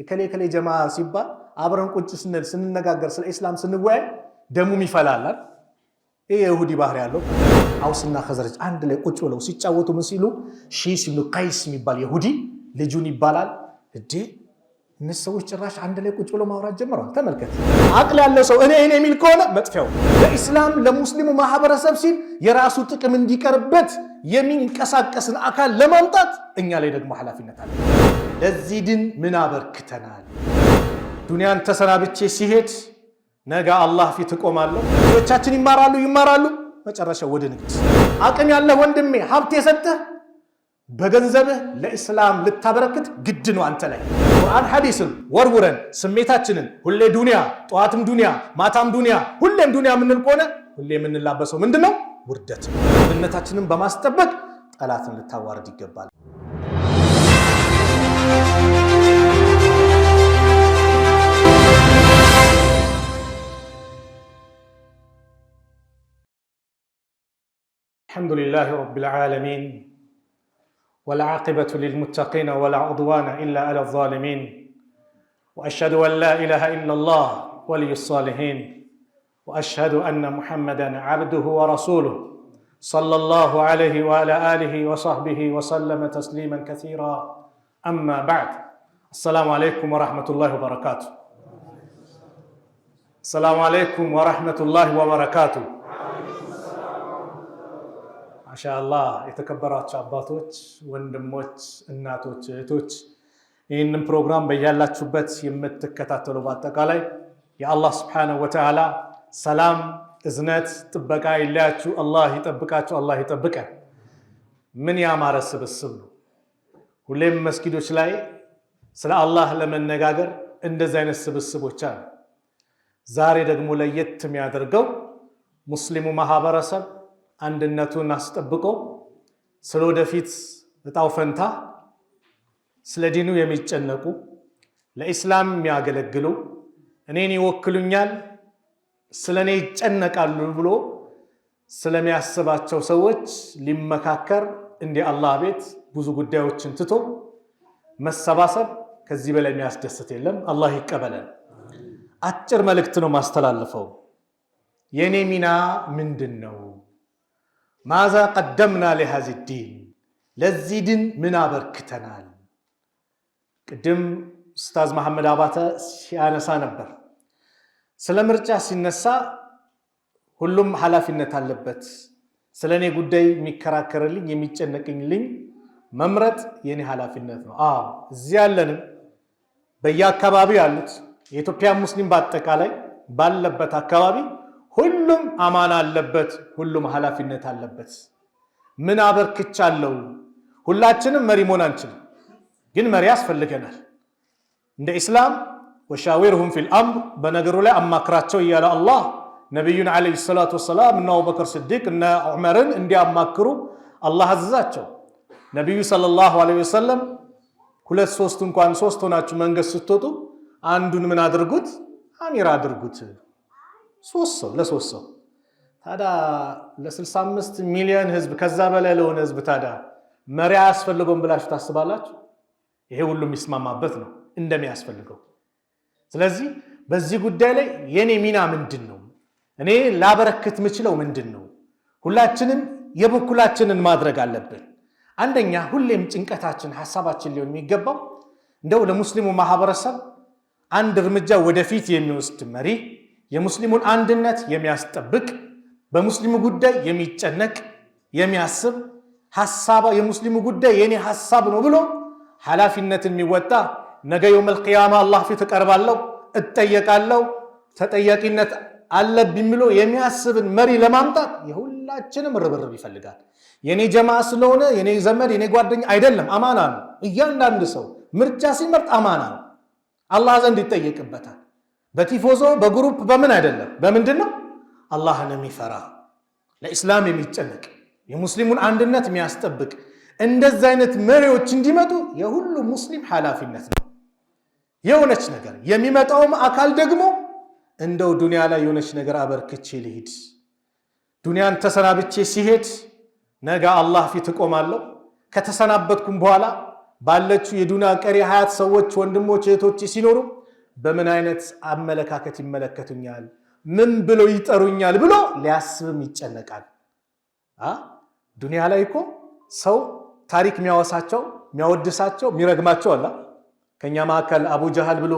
የከሌ ከሌ ጀማ ሲባል አብረን ቁጭ ስንል ስንነጋገር ስለ ኢስላም ስንወያይ ደሙም ይፈላላል። ይህ የይሁዲ ባህር ያለው አውስና ከዘረጅ አንድ ላይ ቁጭ ብለው ሲጫወቱ ምን ሲሉ ሺስ ብኑ ቀይስ የሚባል የሁዲ ልጁን ይባላል እዴ እነዚህ ሰዎች ጭራሽ አንድ ላይ ቁጭ ብለው ማውራት ጀምረዋል። ተመልከት። አቅል ያለው ሰው እኔ እኔ የሚል ከሆነ መጥፊያው ለኢስላም ለሙስሊሙ ማህበረሰብ ሲል የራሱ ጥቅም እንዲቀርበት የሚንቀሳቀስን አካል ለማምጣት እኛ ላይ ደግሞ ኃላፊነት አለ። ለዚህ ድን ምን አበርክተናል? ዱንያን ተሰናብቼ ሲሄድ ነገ አላህ ፊት እቆማለሁ። ልጆቻችን ይማራሉ ይማራሉ፣ መጨረሻ ወደ ንግድ። አቅም ያለህ ወንድሜ ሀብት የሰጠህ በገንዘብህ ለኢስላም ልታበረክት ግድ ነው አንተ ላይ። ቁርአን ሐዲስን ወርውረን ስሜታችንን ሁሌ ዱንያ፣ ጠዋትም ዱንያ፣ ማታም ዱንያ፣ ሁሌም ዱንያ የምንል ከሆነ ሁሌ የምንላበሰው ምንድን ነው? ውርደት። ድነታችንን በማስጠበቅ ጠላትን ልታዋርድ ይገባል። الحمد لله رب العالمين والعاقبة للمتقين ولا عضوان إلا على الظالمين وأشهد أن لا إله إلا الله ولي الصالحين وأشهد أن محمدا عبده ورسوله صلى الله عليه وعلى آله وصحبه وسلم تسليما كثيرا أما بعد السلام عليكم ورحمة الله وبركاته السلام عليكم ورحمة الله وبركاته ማሻአላህ የተከበራችሁ አባቶች፣ ወንድሞች፣ እናቶች፣ እህቶች ይህንን ፕሮግራም በያላችሁበት የምትከታተሉ በአጠቃላይ የአላህ ስብሓነሁ ወተዓላ ሰላም፣ እዝነት፣ ጥበቃ ይለያችሁ። አላህ ይጠብቃችሁ። አላህ ይጠብቀን። ምን ያማረ ስብስብ ነው! ሁሌም መስጊዶች ላይ ስለ አላህ ለመነጋገር እንደዚህ አይነት ስብስቦች አሉ። ዛሬ ደግሞ ለየት የሚያደርገው ሙስሊሙ ማህበረሰብ አንድነቱን አስጠብቆ ስለ ወደፊት እጣው ፈንታ ስለ ዲኑ የሚጨነቁ ለኢስላም የሚያገለግሉ እኔን ይወክሉኛል፣ ስለ እኔ ይጨነቃሉ ብሎ ስለሚያስባቸው ሰዎች ሊመካከር እንዲህ አላህ ቤት ብዙ ጉዳዮችን ትቶ መሰባሰብ ከዚህ በላይ የሚያስደስት የለም። አላህ ይቀበለን። አጭር መልእክት ነው ማስተላልፈው። የእኔ ሚና ምንድን ነው? ማዛ ቀደምና ሊሃዚ ዲን ለዚህ ድን ምን አበርክተናል? ቅድም ኡስታዝ መሐመድ አባተ ሲያነሳ ነበር። ስለ ምርጫ ሲነሳ ሁሉም ኃላፊነት አለበት። ስለ እኔ ጉዳይ የሚከራከርልኝ የሚጨነቅልኝ መምረጥ የኔ ኃላፊነት ነው። አዎ እዚህ ያለንም በየአካባቢው ያሉት የኢትዮጵያ ሙስሊም በአጠቃላይ ባለበት አካባቢ ሁሉም አማና አለበት፣ ሁሉም ኃላፊነት አለበት። ምን አበርክቻለሁ? ሁላችንም መሪ መሆን አንችልም፣ ግን መሪ ያስፈልገናል። እንደ ኢስላም ወሻዊርሁም ፊል አምር በነገሩ ላይ አማክራቸው እያለ አላህ ነቢዩን ዓለይሂ ሰላቱ ወሰላም እና አቡበከር ስዲቅ እና ዑመርን እንዲያማክሩ አላህ አዘዛቸው። ነቢዩ ሰለላሁ ዓለይሂ ወሰለም ሁለት ሶስት እንኳን ሶስት ሆናችሁ መንገድ ስትወጡ አንዱን ምን አድርጉት አሚር አድርጉት ሶስት ሰው ለሶስት ሰው ታዲያ ለ65 ሚሊዮን ህዝብ ከዛ በላይ ለሆነ ህዝብ ታዲያ መሪ አያስፈልገውም ብላችሁ ታስባላችሁ? ይሄ ሁሉ የሚስማማበት ነው እንደሚያስፈልገው። ስለዚህ በዚህ ጉዳይ ላይ የኔ ሚና ምንድን ነው? እኔ ላበረክት የምችለው ምንድን ነው? ሁላችንም የበኩላችንን ማድረግ አለብን። አንደኛ ሁሌም ጭንቀታችን፣ ሀሳባችን ሊሆን የሚገባው እንደው ለሙስሊሙ ማህበረሰብ አንድ እርምጃ ወደፊት የሚወስድ መሪ የሙስሊሙን አንድነት የሚያስጠብቅ በሙስሊሙ ጉዳይ የሚጨነቅ የሚያስብ ሀሳባ የሙስሊሙ ጉዳይ የኔ ሀሳብ ነው ብሎ ኃላፊነትን የሚወጣ ነገ የውመል ቂያማ አላህ ፊት እቀርባለሁ እጠየቃለሁ ተጠያቂነት አለብኝ ብሎ የሚያስብን መሪ ለማምጣት የሁላችንም ርብርብ ይፈልጋል። የኔ ጀማ ስለሆነ የኔ ዘመድ የኔ ጓደኛ አይደለም፣ አማና ነው። እያንዳንድ ሰው ምርጫ ሲመርጥ አማና ነው፣ አላህ ዘንድ ይጠየቅበታል። በቲፎዞ በግሩፕ በምን አይደለም። በምንድን ነው? አላህን የሚፈራ ለኢስላም የሚጨነቅ የሙስሊሙን አንድነት የሚያስጠብቅ እንደዚህ አይነት መሪዎች እንዲመጡ የሁሉ ሙስሊም ኃላፊነት ነው። የሆነች ነገር የሚመጣውም አካል ደግሞ እንደው ዱንያ ላይ የሆነች ነገር አበርክቼ ልሂድ፣ ዱንያን ተሰናብቼ ሲሄድ ነገ አላህ ፊት እቆማለሁ። ከተሰናበትኩም በኋላ ባለችው የዱንያ ቀሪ ሀያት ሰዎች፣ ወንድሞች፣ እህቶች ሲኖሩ በምን አይነት አመለካከት ይመለከቱኛል፣ ምን ብለው ይጠሩኛል ብሎ ሊያስብም ይጨነቃል። ዱኒያ ላይ እኮ ሰው ታሪክ የሚያወሳቸው የሚያወድሳቸው የሚረግማቸው አላ ከእኛ መካከል አቡ ጃሃል ብሎ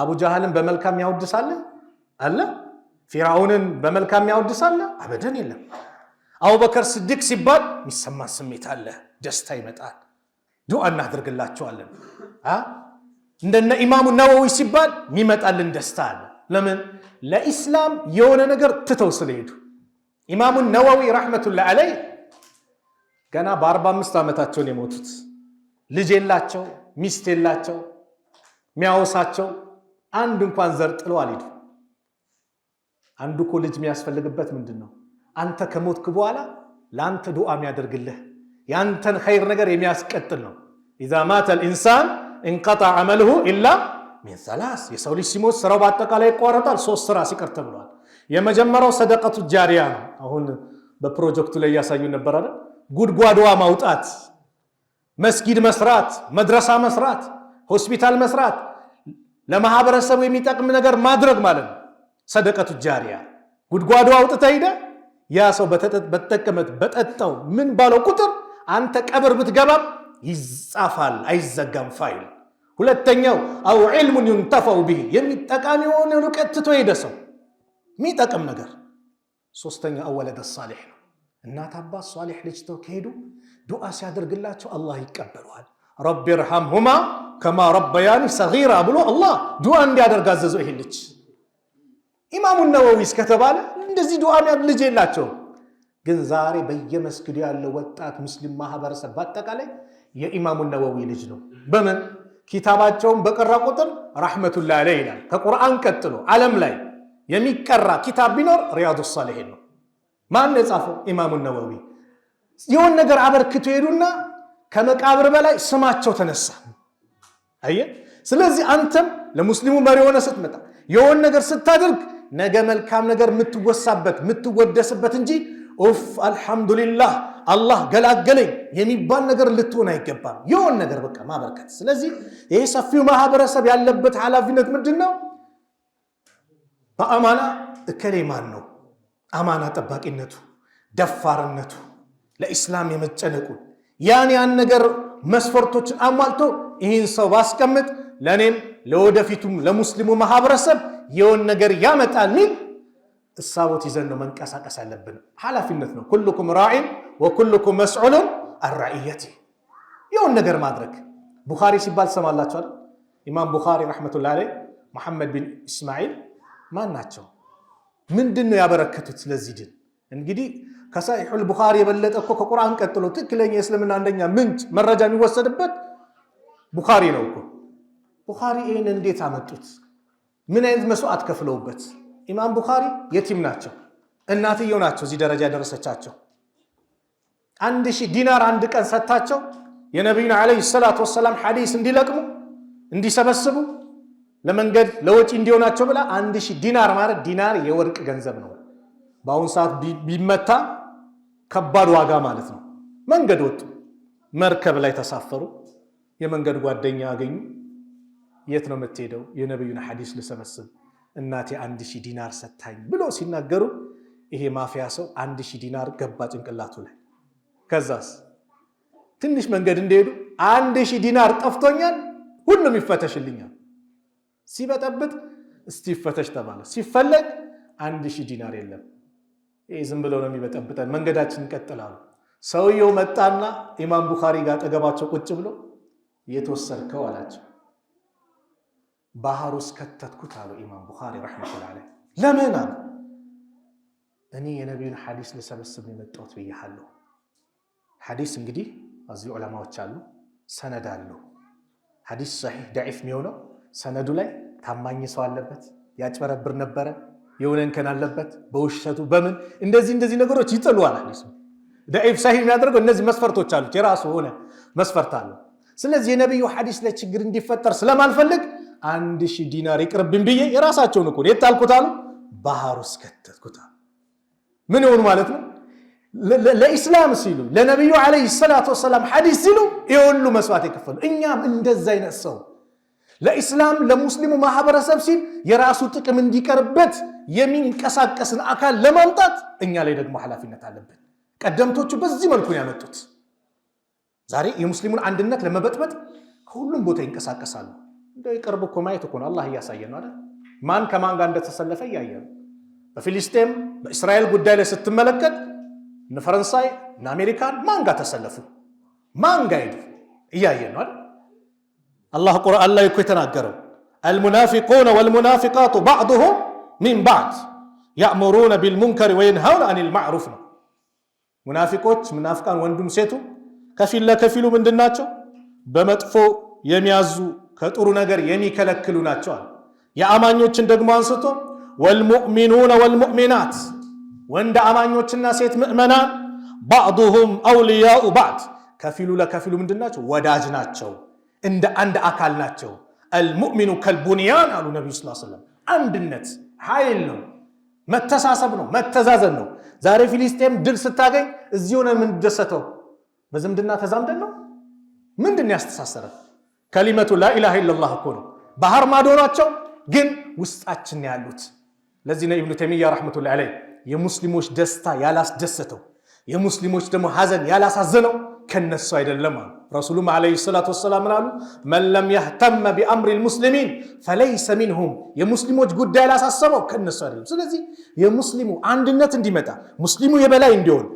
አቡ ጃሃልን በመልካም ያወድሳለ አለ። ፊራውንን በመልካም ያወድሳለ አበደን የለም። አቡበከር ስድቅ ሲባል የሚሰማን ስሜት አለ፣ ደስታ ይመጣል። ዱዓ እናደርግላቸዋለን። እንደነ ኢማሙ ነወዊ ሲባል የሚመጣልን ደስታ አለ። ለምን? ለኢስላም የሆነ ነገር ትተው ስለሄዱ። ኢማሙ ነወዊ ረሕመቱላህ አለይ ገና በአርባ አምስት ዓመታቸውን የሞቱት ልጅ የላቸው፣ ሚስት የላቸው፣ ሚያወሳቸው አንድ እንኳን ዘር ጥሎ አልሄዱ። አንዱ እኮ ልጅ የሚያስፈልግበት ምንድን ነው? አንተ ከሞትክ በኋላ ለአንተ ዱዓ የሚያደርግልህ የአንተን ኸይር ነገር የሚያስቀጥል ነው። ኢዛ ማተ ልኢንሳን እንቀጣ አመልሁ ኢላ ሚን ሰላስ የሰው ልጅ ሲሞት ስራው በአጠቃላይ ይቋረጣል። ሶስት ስራ ሲቀር ተብሏል። የመጀመሪያው ሰደቀቱ ጃሪያ ነው። አሁን በፕሮጀክቱ ላይ እያሳዩ ነበር አይደል? ጉድጓድዋ ማውጣት፣ መስጊድ መስራት፣ መድረሳ መስራት፣ ሆስፒታል መስራት፣ ለማህበረሰቡ የሚጠቅም ነገር ማድረግ ማለት ነው። ሰደቀቱ ጃሪያ ጉድጓዱ አውጥተ ሂደ ያ ሰው በተጠቀመት በጠጣው ምን ባለው ቁጥር አንተ ቀብር ብትገባም ይጻፋል፣ አይዘጋም ፋይል ሁለተኛው አው ዕልሙን ዩንተፋው ብሂ የሚጠቃሚ የሆነ እውቀት ትቶ ሄደ ሰው የሚጠቅም ነገር። ሶስተኛ አወለደ ሳሌሕ ነው። እናት አባት ሳሌሕ ልጅ ተው ከሄዱ ዱዓ ሲያደርግላቸው አላህ ይቀበለዋል። ረቢ ርሐምሁማ ከማ ረበያኒ ሰጊራ ብሎ አላህ ዱዓ እንዲያደርግ አዘዘው። ይሄ ልጅ ኢማሙ ነወዊስ ከተባለ እንደዚህ ዱዓ ልጅ የላቸውም። ግን ዛሬ በየመስጊዱ ያለው ወጣት ሙስሊም ማህበረሰብ በአጠቃላይ የኢማሙ ነወዊ ልጅ ነው። በምን ኪታባቸውን በቀራ ቁጥር ራሕመቱላ አለይ ይላል። ከቁርአን ቀጥሎ ዓለም ላይ የሚቀራ ኪታብ ቢኖር ሪያዱ ሳሊሒን ነው። ማን የጻፈው? ኢማሙ ነወዊ። የሆን ነገር አበርክቶ ሄዱና ከመቃብር በላይ ስማቸው ተነሳ። አየ። ስለዚህ አንተም ለሙስሊሙ መሪ የሆነ ስትመጣ የሆን ነገር ስታደርግ ነገ መልካም ነገር የምትወሳበት የምትወደስበት እንጂ ኡፍ አልሐምዱሊላህ አላህ ገላገለኝ የሚባል ነገር ልትሆን አይገባም። የሆን ነገር በቃ ማበርከት። ስለዚህ ይሄ ሰፊው ማህበረሰብ ያለበት ኃላፊነት ምንድን ነው? በአማና እከሌ ማን ነው? አማና ጠባቂነቱ፣ ደፋርነቱ፣ ለኢስላም የመጨነቁ ያን ያን ነገር መስፈርቶችን አሟልቶ ይህን ሰው ባስቀምጥ ለእኔም ለወደፊቱም ለሙስሊሙ ማህበረሰብ የሆን ነገር ያመጣል ሚል እሳቦት ይዘን ነው መንቀሳቀስ ያለብን። ኃላፊነት ነው። ኩልኩም ራዒን ወኩልኩም መስዑሉን አራእየት የውን ነገር ማድረግ ቡኻሪ ሲባል ትሰማላችኋል። ኢማም ቡኻሪ ረሕመቱላ አለይ መሐመድ ቢን እስማዒል ማን ናቸው? ምንድን ነው ያበረከቱት ለዚህ ድን? እንግዲህ ከሳሒሑል ቡኻሪ የበለጠ እኮ ከቁርአን ቀጥሎ ትክክለኛ የእስልምና አንደኛ ምንጭ መረጃ የሚወሰድበት ቡኻሪ ነው እኮ። ቡኻሪ ይህን እንዴት አመጡት? ምን አይነት መስዋዕት ከፍለውበት ኢማም ቡኻሪ የቲም ናቸው። እናትየው ናቸው እዚህ ደረጃ ያደረሰቻቸው። አንድ ሺህ ዲናር አንድ ቀን ሰጥታቸው የነቢዩን ዓለይሂ ሰላቱ ወሰላም ሐዲስ እንዲለቅሙ እንዲሰበስቡ ለመንገድ ለወጪ እንዲሆናቸው ብላ አንድ ሺህ ዲናር ማለት ዲናር የወርቅ ገንዘብ ነው። በአሁኑ ሰዓት ቢመታ ከባድ ዋጋ ማለት ነው። መንገድ ወጡ፣ መርከብ ላይ ተሳፈሩ፣ የመንገድ ጓደኛ አገኙ። የት ነው የምትሄደው? የነቢዩን ሐዲስ ልሰበስብ እናቴ አንድ ሺህ ዲናር ሰታኝ ብሎ ሲናገሩ ይሄ ማፊያ ሰው አንድ ሺህ ዲናር ገባ ጭንቅላቱ ላይ። ከዛስ ትንሽ መንገድ እንደሄዱ አንድ ሺህ ዲናር ጠፍቶኛል፣ ሁሉም ይፈተሽልኛል። ሲበጠብጥ እስቲ ይፈተሽ ተባለ። ሲፈለግ አንድ ሺህ ዲናር የለም። ይህ ዝም ብለው ነው የሚበጠብጠን፣ መንገዳችን ይቀጥላሉ። ሰውየው መጣና ኢማም ቡኻሪ ጋር ጠገባቸው ቁጭ ብሎ የተወሰድከው አላቸው። ባህር ውስጥ ከተትኩት አሉ ኢማም ቡኻሪ ረሕመቱላህ ዓለይህ። ለምን አሉ እኔ የነቢዩን ሐዲስ ልሰበስብ የመጣሁት ብያለሁ። ሐዲስ እንግዲህ እዚህ ዑለማዎች አሉ፣ ሰነድ አለው። ሐዲስ ሰሒሕ ደዒፍ የሚሆነው ሰነዱ ላይ ታማኝ ሰው አለበት፣ ያጭበረብር ነበረ፣ የሆነ እንከን አለበት፣ በውሸቱ በምን እንደዚህ እንደዚህ ነገሮች ይጥሉዋል። ሐዲሱ ደዒፍ ሰሒሕ የሚያደርገው እነዚህ መስፈርቶች አሉት፣ የራሱ ሆነ መስፈርት አለው። ስለዚህ የነቢዩ ሐዲስ ላይ ችግር እንዲፈጠር ስለማልፈልግ አንድ ሺህ ዲናር ይቅርብን ብዬ የራሳቸውን እኮ የት ጣልኩት አሉ፣ ባህር ውስጥ ከተትኩት ምን ይሆኑ ማለት ነው? ለኢስላም ሲሉ ለነቢዩ ዓለይሂ ሰላቱ ወሰላም ሐዲስ ሲሉ የሁሉ መስዋዕት የከፈሉ እኛም እንደዛ አይነት ሰው ለኢስላም ለሙስሊሙ ማህበረሰብ ሲል የራሱ ጥቅም እንዲቀርበት የሚንቀሳቀስን አካል ለማምጣት እኛ ላይ ደግሞ ኃላፊነት አለብን። ቀደምቶቹ በዚህ መልኩ ያመጡት ዛሬ የሙስሊሙን አንድነት ለመበጥበጥ ከሁሉም ቦታ ይንቀሳቀሳሉ። እንደ ቅርብ እኮ ማየት እኮ ነው። አላህ እያሳየ ነው አይደል? ማን ከማን ጋር እንደተሰለፈ እያየ ነው። በፊሊስጤም በእስራኤል ጉዳይ ላይ ስትመለከት እነ ፈረንሳይ እነ አሜሪካን ማን ጋር ተሰለፉ? ማን ጋር ሄዱ? እያየ ነው አይደል? አላህ ቁርአን ላይ እኮ የተናገረው አልሙናፊቁነ ወልሙናፊቃቱ ባዕዱሁም ሚን ባዕድ ያእሙሩነ ቢልሙንከሪ ወየንሃውነ አኒል ማዕሩፍ ነው። ሙናፊቆች ምናፍቃን ወንዱም ሴቱ ከፊል ለከፊሉ ምንድን ናቸው? በመጥፎ የሚያዙ ከጥሩ ነገር የሚከለክሉ ናቸዋል። የአማኞችን ደግሞ አንስቶ ወልሙእሚኑነ ወልሙእሚናት ወንድ አማኞችና ሴት ምእመናን ባዕዱሁም አውልያኡ ባዕድ ከፊሉ ለከፊሉ ምንድን ናቸው? ወዳጅ ናቸው፣ እንደ አንድ አካል ናቸው። አልሙእሚኑ ከልቡንያን አሉ ነቢዩ ስ ሰለም። አንድነት ኃይል ነው፣ መተሳሰብ ነው፣ መተዛዘን ነው። ዛሬ ፊሊስጤም ድል ስታገኝ እዚህ ሆነ የምንደሰተው በዝምድና ተዛምደን ነው። ምንድን ያስተሳሰረ ከሊመቱ ላኢላሃ ኢለላህ እኮ ነው ባህር ማዶ ናቸው፣ ግን ውስጣችን ያሉት። ለዚህ ነው ኢብኑ ተይሚያ ረሕመቱላሂ ዐለይህ የሙስሊሞች ደስታ ያላስደሰተው የሙስሊሞች ደግሞ ሐዘን ያላሳዘነው ከነሱ አይደለም አሉ። ረሱሉም ዓለይሂ ሰላቱ ወሰላም አሉ መን ለም የህተመ ቢአምሪ ልሙስሊሚን ፈለይሰ ሚንሁም። የሙስሊሞች ጉዳይ ያላሳሰበው ከነሱ አይደለም። ስለዚህ የሙስሊሙ አንድነት እንዲመጣ ሙስሊሙ የበላይ እንዲሆን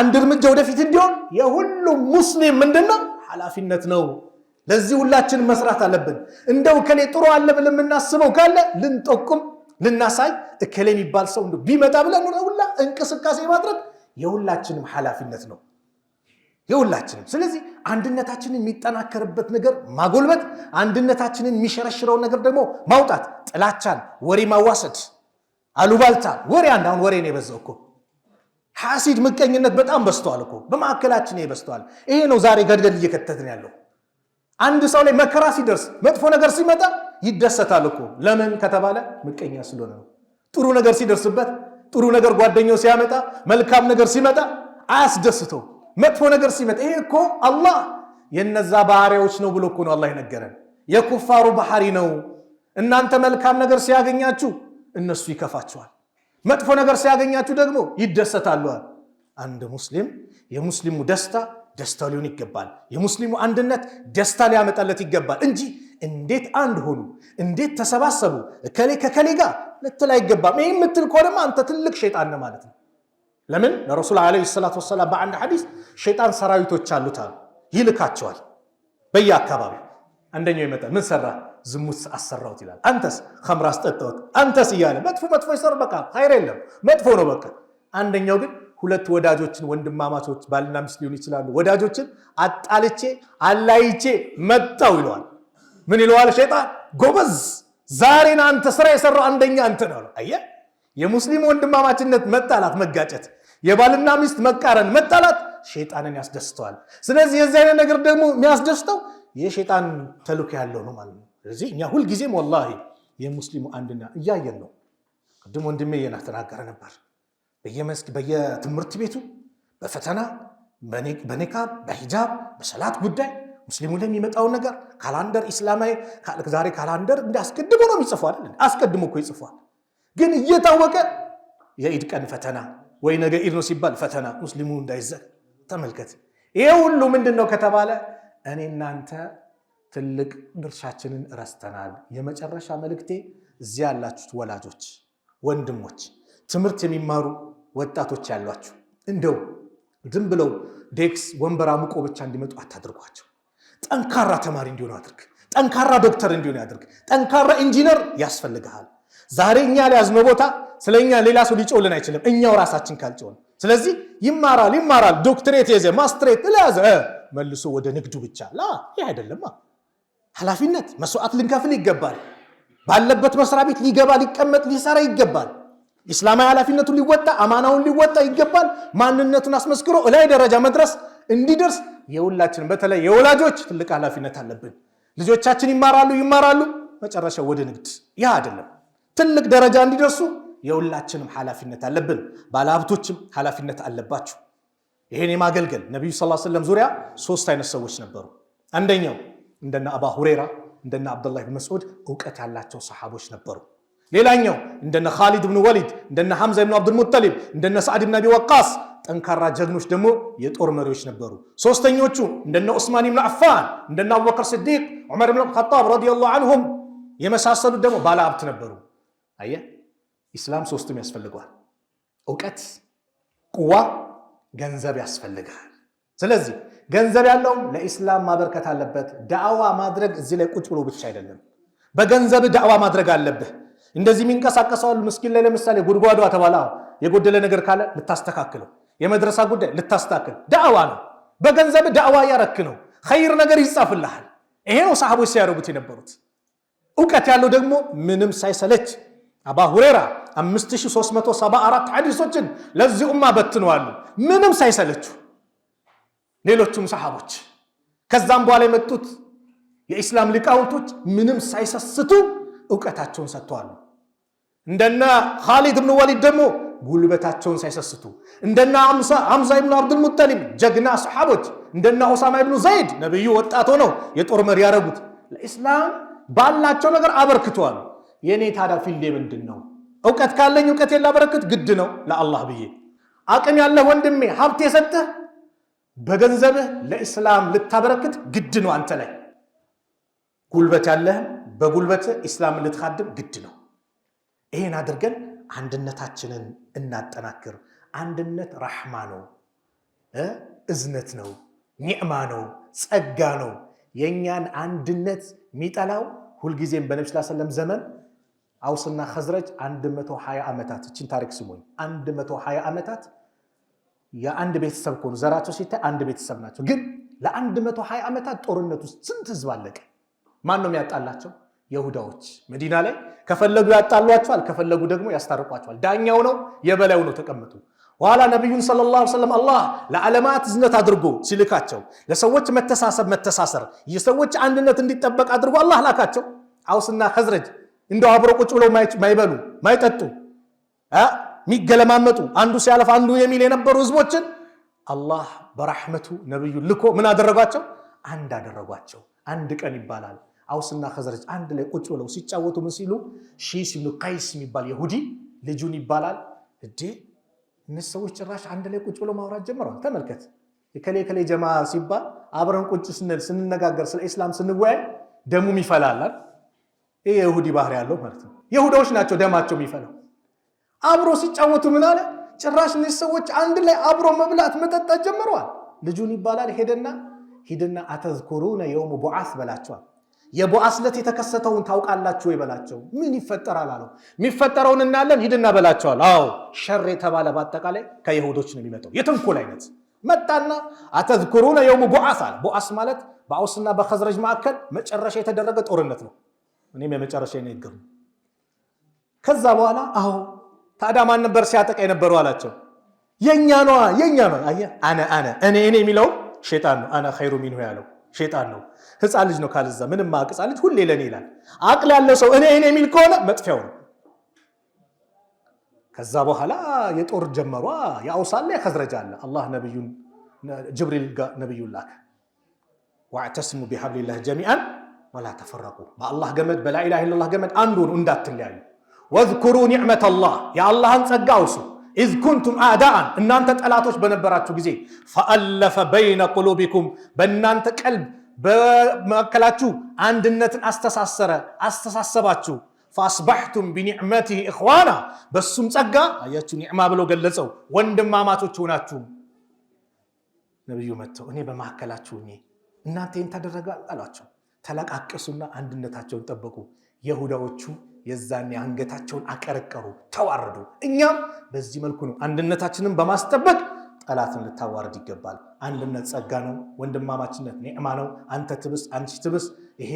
አንድ እርምጃ ወደፊት እንዲሆን የሁሉም ሙስሊም ምንድነው ኃላፊነት ነው። ለዚህ ሁላችን መስራት አለብን። እንደው እከሌ ጥሩ አለ ብለን የምናስበው ካለ ልንጠቁም፣ ልናሳይ እከሌ የሚባል ሰው ቢመጣ ብለን ሁላ እንቅስቃሴ ማድረግ የሁላችንም ኃላፊነት ነው የሁላችንም። ስለዚህ አንድነታችንን የሚጠናከርበት ነገር ማጎልበት፣ አንድነታችንን የሚሸረሽረውን ነገር ደግሞ ማውጣት፣ ጥላቻን፣ ወሬ ማዋሰድ፣ አሉባልታ ወሬ አንድ አሁን ወሬ ነው የበዛው እኮ ሐሲድ፣ ምቀኝነት በጣም በስተዋል እኮ በማዕከላችን ይበዝተዋል። ይሄ ነው ዛሬ ገድገድ እየከተትን ያለው አንድ ሰው ላይ መከራ ሲደርስ መጥፎ ነገር ሲመጣ ይደሰታል እኮ ለምን ከተባለ ምቀኛ ስለሆነ ነው። ጥሩ ነገር ሲደርስበት ጥሩ ነገር ጓደኛው ሲያመጣ መልካም ነገር ሲመጣ አያስደስተው። መጥፎ ነገር ሲመጣ ይሄ እኮ አላህ የነዛ ባህሪያዎች ነው ብሎ እኮ ነው አላህ የነገረን። የኩፋሩ ባህሪ ነው። እናንተ መልካም ነገር ሲያገኛችሁ እነሱ ይከፋቸዋል፣ መጥፎ ነገር ሲያገኛችሁ ደግሞ ይደሰታሉል። አንድ ሙስሊም የሙስሊሙ ደስታ ደስታ ሊሆን ይገባል። የሙስሊሙ አንድነት ደስታ ሊያመጣለት ይገባል እንጂ እንዴት አንድ ሆኑ፣ እንዴት ተሰባሰቡ፣ እከሌ ከከሌ ጋር ልትል አይገባም። ይህ የምትል ከሆነማ አንተ ትልቅ ሸይጣን ነህ ማለት ነው። ለምን ለረሱል ዓለይሂ ሰላቱ ወሰላም በአንድ ሐዲስ ሸይጣን ሰራዊቶች አሉት አሉ፣ ይልካቸዋል በየአካባቢው አንደኛው ይመጣል። ምን ሰራ? ዝሙት አሰራሁት ይላል። አንተስ ከምር አስጠጣሁት፣ አንተስ እያለ መጥፎ መጥፎ ይሰር። በቃ ኸይር የለም መጥፎ ነው በቃ። አንደኛው ግን ሁለት ወዳጆችን ወንድማማቾች ባልና ሚስት ሊሆን ይችላሉ። ወዳጆችን አጣልቼ አላይቼ መጣው ይለዋል። ምን ይለዋል ሸይጣን? ጎበዝ ዛሬን አንተ ስራ የሰራው አንደኛ አንተ ነው። አየ የሙስሊም ወንድማማችነት መጣላት፣ መጋጨት፣ የባልና ሚስት መቃረን፣ መጣላት ሸይጣንን ያስደስተዋል። ስለዚህ የዚህ አይነት ነገር ደግሞ የሚያስደስተው የሸይጣን ተልዕኮ ያለው ነው ማለት ነው። ስለዚህ እኛ ሁልጊዜም ወላሂ የሙስሊሙ አንድና እያየን ነው። ቅድም ወንድሜ እየናተናገረ ነበር በየትምህርት ቤቱ በፈተና በኒካብ በሂጃብ በሰላት ጉዳይ ሙስሊሙ ላይ የሚመጣውን ነገር ካላንደር ኢስላማዊ ዛሬ ካላንደር እንደ አስቀድሞ ነው የሚጽፏል። አስቀድሞ እኮ ይጽፏል። ግን እየታወቀ የኢድ ቀን ፈተና ወይ ነገ ኢድ ነው ሲባል ፈተና ሙስሊሙ እንዳይዘግ ተመልከት። ይሄ ሁሉ ምንድን ነው ከተባለ እኔ እናንተ ትልቅ ድርሻችንን ረስተናል። የመጨረሻ መልእክቴ እዚያ ያላችሁት ወላጆች፣ ወንድሞች ትምህርት የሚማሩ ወጣቶች ያሏችሁ እንደው ዝም ብለው ዴክስ ወንበር አምቆ ብቻ እንዲመጡ አታድርጓቸው። ጠንካራ ተማሪ እንዲሆኑ አድርግ። ጠንካራ ዶክተር እንዲሆኑ ያድርግ። ጠንካራ ኢንጂነር ያስፈልግሃል። ዛሬ እኛ ለያዝነው ቦታ ስለ እኛ ሌላ ሰው ሊጮልን አይችልም፣ እኛው ራሳችን ካልጮን። ስለዚህ ይማራል ይማራል፣ ዶክትሬት የዘ ማስትሬት ለያዘ መልሶ ወደ ንግዱ ብቻ ላ ይህ አይደለማ። ኃላፊነት መስዋዕት ልንከፍል ይገባል። ባለበት መስሪያ ቤት ሊገባ ሊቀመጥ ሊሰራ ይገባል። ኢስላማዊ ኃላፊነቱን ሊወጣ አማናውን ሊወጣ ይገባል። ማንነቱን አስመስክሮ እላይ ደረጃ መድረስ እንዲደርስ የሁላችንም በተለይ የወላጆች ትልቅ ኃላፊነት አለብን። ልጆቻችን ይማራሉ ይማራሉ፣ መጨረሻው ወደ ንግድ ያ አይደለም። ትልቅ ደረጃ እንዲደርሱ የሁላችንም ኃላፊነት አለብን። ባለሀብቶችም ኃላፊነት አለባችሁ ይሄን የማገልገል። ነቢዩ ስ ሰለም ዙሪያ ሶስት አይነት ሰዎች ነበሩ። አንደኛው እንደነ አባ ሁሬራ እንደነ አብዱላህ ብን መስዑድ እውቀት ያላቸው ሰሓቦች ነበሩ። ሌላኛው እንደነ ኻሊድ ብን ወሊድ እንደነ ሐምዛ ብን አብዱልሙጠሊብ እንደነ ሰዓድ ብን አቢ ወቃስ ጠንካራ ጀግኖች ደግሞ የጦር መሪዎች ነበሩ። ሶስተኞቹ እንደነ ዑስማን ብን አፋን እንደነ አቡበክር ስዲቅ፣ ዑመር ብን ኸጣብ ረዲየላሁ አንሁም የመሳሰሉት ደግሞ ባለ ሀብት ነበሩ። አየ ኢስላም ሶስቱም ያስፈልገዋል። እውቀት፣ ቁዋ፣ ገንዘብ ያስፈልጋል። ስለዚህ ገንዘብ ያለውም ለኢስላም ማበርከት አለበት። ዳዕዋ ማድረግ እዚህ ላይ ቁጭ ብሎ ብቻ አይደለም። በገንዘብ ዳዕዋ ማድረግ አለብህ። እንደዚህ የሚንቀሳቀሰዋል ምስኪን ላይ ለምሳሌ ጉድጓዷ ተባለ። የጎደለ ነገር ካለ ልታስተካክለው፣ የመድረሳ ጉዳይ ልታስተካክል። ዳዕዋ ነው። በገንዘብ ዳዕዋ እያረክ ነው። ኸይር ነገር ይጻፍልሃል። ይሄ ነው ሰሃቦች ሲያደርጉት የነበሩት። እውቀት ያለው ደግሞ ምንም ሳይሰለች አባ ሁሬራ 5374 ሐዲሶችን ለዚህ ኡማ በትነዋሉ፣ ምንም ሳይሰለች? ሌሎቹም ሰሃቦች። ከዛም በኋላ የመጡት የኢስላም ሊቃውንቶች ምንም ሳይሰስቱ እውቀታቸውን ሰጥተዋል። እንደና ኻሊድ ብን ወሊድ ደግሞ ጉልበታቸውን ሳይሰስቱ እንደና ሐምዛ ብኑ አብዱልሙጠሊብ ጀግና ሰሓቦች እንደና ኦሳማ ብኑ ዘይድ ነቢዩ ወጣት ሆነው የጦር መሪ ያደረጉት ለኢስላም ባላቸው ነገር አበርክተዋል። የእኔ ታዲያ ፊልዴ ምንድን ነው? እውቀት ካለኝ እውቀት ላበረክት ግድ ነው ለአላህ ብዬ። አቅም ያለህ ወንድሜ ሀብት የሰጠህ በገንዘብህ ለኢስላም ልታበረክት ግድ ነው አንተ ላይ ጉልበት ያለህም በጉልበትህ ኢስላምን ልትካድም ግድ ነው። ይሄን አድርገን አንድነታችንን እናጠናክር። አንድነት ራሕማ ነው፣ እዝነት ነው፣ ኒዕማ ነው፣ ጸጋ ነው። የእኛን አንድነት የሚጠላው ሁልጊዜም በነቢ ስላ ሰለም ዘመን አውስና ከዝረጅ 120 ዓመታት እችን ታሪክ ስሙኝ። 120 ዓመታት የአንድ ቤተሰብ ከሆኑ ዘራቸው ሲታይ አንድ ቤተሰብ ናቸው። ግን ለ120 ዓመታት ጦርነት ውስጥ ስንት ህዝብ አለቀ? ማን ነው የሚያጣላቸው? የሁዳዎች መዲና ላይ ከፈለጉ ያጣሏቸዋል፣ ከፈለጉ ደግሞ ያስታርቋቸዋል። ዳኛው ነው የበላዩ ነው ተቀምጡ። ኋላ ነቢዩን ሰለላሁ ዐለይሂ ወሰለም አላህ ለዓለማት እዝነት አድርጎ ሲልካቸው ለሰዎች መተሳሰብ መተሳሰር የሰዎች አንድነት እንዲጠበቅ አድርጎ አላህ ላካቸው። አውስና ከዝረጅ እንደው አብረ ቁጭ ብለው ማይበሉ ማይጠጡ ሚገለማመጡ አንዱ ሲያለፍ አንዱ የሚል የነበሩ ህዝቦችን አላህ በራሕመቱ ነቢዩን ልኮ ምን አደረጓቸው? አንድ አደረጓቸው። አንድ ቀን ይባላል አውስና ከዘረች አንድ ላይ ቁጭ ብለው ሲጫወቱ ምን ሲሉ ሺስ ብኑ ቀይስ የሚባል ይሁዲ ልጁን ይባላል እዴ እነዚህ ሰዎች ጭራሽ አንድ ላይ ቁጭ ብለው ማውራት ጀምረዋል። ተመልከት የከሌ ከሌ ጀማ ሲባል አብረን ቁጭ ስንል ስንነጋገር ስለ ኢስላም ስንወያይ ደሙም ይፈላላል። ይህ የሁዲ ባህር ያለው ማለት ነው። የሁዳዎች ናቸው ደማቸው የሚፈላው። አብሮ ሲጫወቱ ምን አለ ጭራሽ እነዚህ ሰዎች አንድ ላይ አብሮ መብላት መጠጣት ጀምረዋል። ልጁን ይባላል ሄደና ሂድና አተዝኩሩነ የውሙ ቡዓስ በላቸዋል የቦአስለት የተከሰተውን ታውቃላችሁ ይበላቸው። ምን ይፈጠራል አለው። የሚፈጠረውን እናያለን፣ ሂድና በላቸዋል። አዎ ሸር የተባለ በአጠቃላይ ከይሁዶች ነው የሚመጣው የተንኮል አይነት መጣና አተዝኩሩነ የውሙ ቦአስ አለ። ቦአስ ማለት በአውስና በከዝረጅ መካከል መጨረሻ የተደረገ ጦርነት ነው። እኔም የመጨረሻ ይነግሩ። ከዛ በኋላ አዎ ታዲያ ማን ነበር ሲያጠቃ የነበሩ አላቸው። የእኛ ነዋ የእኛ ነ አነ አነ እኔ እኔ የሚለው ሼጣን ነው። አነ ኸይሩ ሚንሁ ያለው ሼጣን ነው። ህፃን ልጅ ነው ካልዛ ምንም ማቅ ህፃን ልጅ ሁሌ ለኔ ይላል። አቅል ያለው ሰው እኔ እኔ የሚል ከሆነ መጥፊያው ነው። ከዛ በኋላ የጦር ጀመሯ የአውሳላ አለ አላህ ነብዩን ጅብሪል ነብዩን ላከ። ዋዕተስሙ ቢሐብሊላህ ጀሚአን ወላ ተፈረቁ፣ በአላህ ገመድ በላኢላህ ኢላላህ ገመድ አንዱ እንዳትለያዩ። ወዝኩሩ ኒዕመተላህ የአላህን ጸጋ አውሱ ኢዝ ኩንቱም አዳአን እናንተ ጠላቶች በነበራችሁ ጊዜ ፈአለፈ በይነ ቁሉቢኩም በእናንተ ቀልብ በመካከላችሁ አንድነትን አስተሳሰረ አስተሳሰባችሁ ፈአስባሕቱም ቢኒዕመቲህ እኽዋና በሱም ጸጋ አያችሁ ኒዕማ ብሎ ገለጸው ወንድማማቾች ሆናችሁ ነቢዩ መጥተው እኔ በመካከላችሁ እኔ እናንተ ይህን ታደረገ አሏቸው ተለቃቀሱና አንድነታቸውን ጠበቁ የሁዳዎቹ የዛን አንገታቸውን አቀረቀሩ፣ ተዋረዱ። እኛም በዚህ መልኩ ነው አንድነታችንን በማስጠበቅ ጠላትን ልታዋርድ ይገባል። አንድነት ጸጋ ነው፣ ወንድማማችነት ኒዕማ ነው። አንተ ትብስ፣ አንቺ ትብስ። ይሄ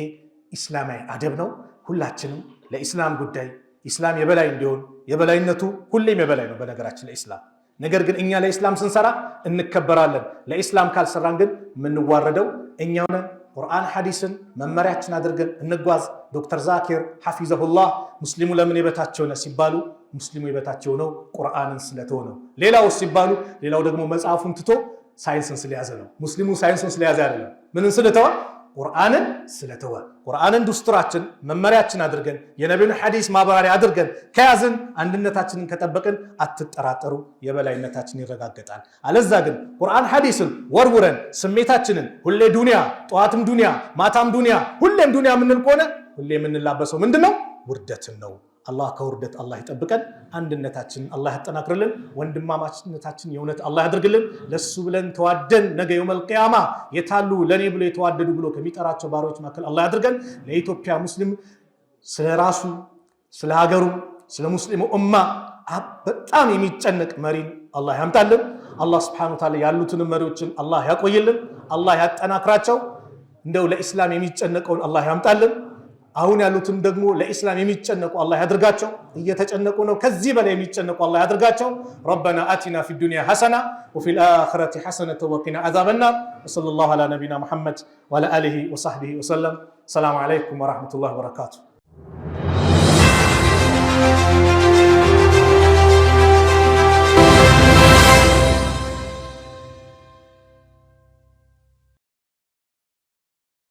ኢስላማዊ አደብ ነው። ሁላችንም ለኢስላም ጉዳይ ኢስላም የበላይ እንዲሆን የበላይነቱ ሁሌም የበላይ ነው በነገራችን ለኢስላም ነገር ግን እኛ ለኢስላም ስንሰራ እንከበራለን። ለኢስላም ካልሰራን ግን የምንዋረደው እኛ ነን። ቁርአን ሐዲስን መመሪያችን አድርገን እንጓዝ። ዶክተር ዛኪር ሐፊዘሁላህ ሙስሊሙ ለምን የበታቸው ነው ሲባሉ ሙስሊሙ የበታቸው ነው ቁርአንን ስለተወ ነው። ሌላው ሲባሉ ሌላው ደግሞ መጽሐፉን ትቶ ሳይንስን ስለያዘ ነው። ሙስሊሙ ሳይንስን ስለያዘ አይደለም። ምንን ስለተወ ቁርአንን ስለተወ ቁርአንን ዱስትራችን መመሪያችን አድርገን የነቢዩን ሐዲስ ማብራሪያ አድርገን ከያዝን አንድነታችንን ከጠበቅን አትጠራጠሩ፣ የበላይነታችን ይረጋገጣል። አለዛ ግን ቁርአን ሐዲስን ወርውረን ስሜታችንን ሁሌ ዱንያ፣ ጠዋትም ዱንያ፣ ማታም ዱንያ፣ ሁሌም ዱንያ የምንል ከሆነ ሁሌ የምንላበሰው ምንድን ነው? ውርደትን ነው። አላህ ከውርደት አላህ ይጠብቀን። አንድነታችንን አላህ ያጠናክርልን። ወንድማማችነታችን የእውነት አላህ ያድርግልን። ለሱ ብለን ተዋደን ነገ የውመል ቂያማ የታሉ ለእኔ ብሎ የተዋደዱ ብሎ ከሚጠራቸው ባሪያዎች መካከል አላህ ያድርገን። ለኢትዮጵያ ሙስሊም ስለ ራሱ ስለ ሀገሩ ስለ ሙስሊሙ እማ በጣም የሚጨነቅ መሪን አላህ ያምጣልን። አላህ ስብሐነሁ ወተዓላ ያሉትን መሪዎችን አላህ ያቆይልን፣ አላህ ያጠናክራቸው። እንደው ለኢስላም የሚጨነቀውን አላህ ያምጣልን። አሁን ያሉትም ደግሞ ለኢስላም የሚጨነቁ አላህ ያድርጋቸው። እየተጨነቁ ነው። ከዚህ በላይ የሚጨነቁ አላህ ያድርጋቸው። ረበና አቲና ፊ ዱንያ ሐሰና ወፊ ልአኽረቲ ሐሰነተ ወቂና አዛበናር ወሰለላሁ ዓላ ነቢና ሙሐመድ ወዓላ አሊሂ ወሰሕቢሂ ወሰለም። ሰላም ዓለይኩም ወረሕመቱላህ ወበረካቱ።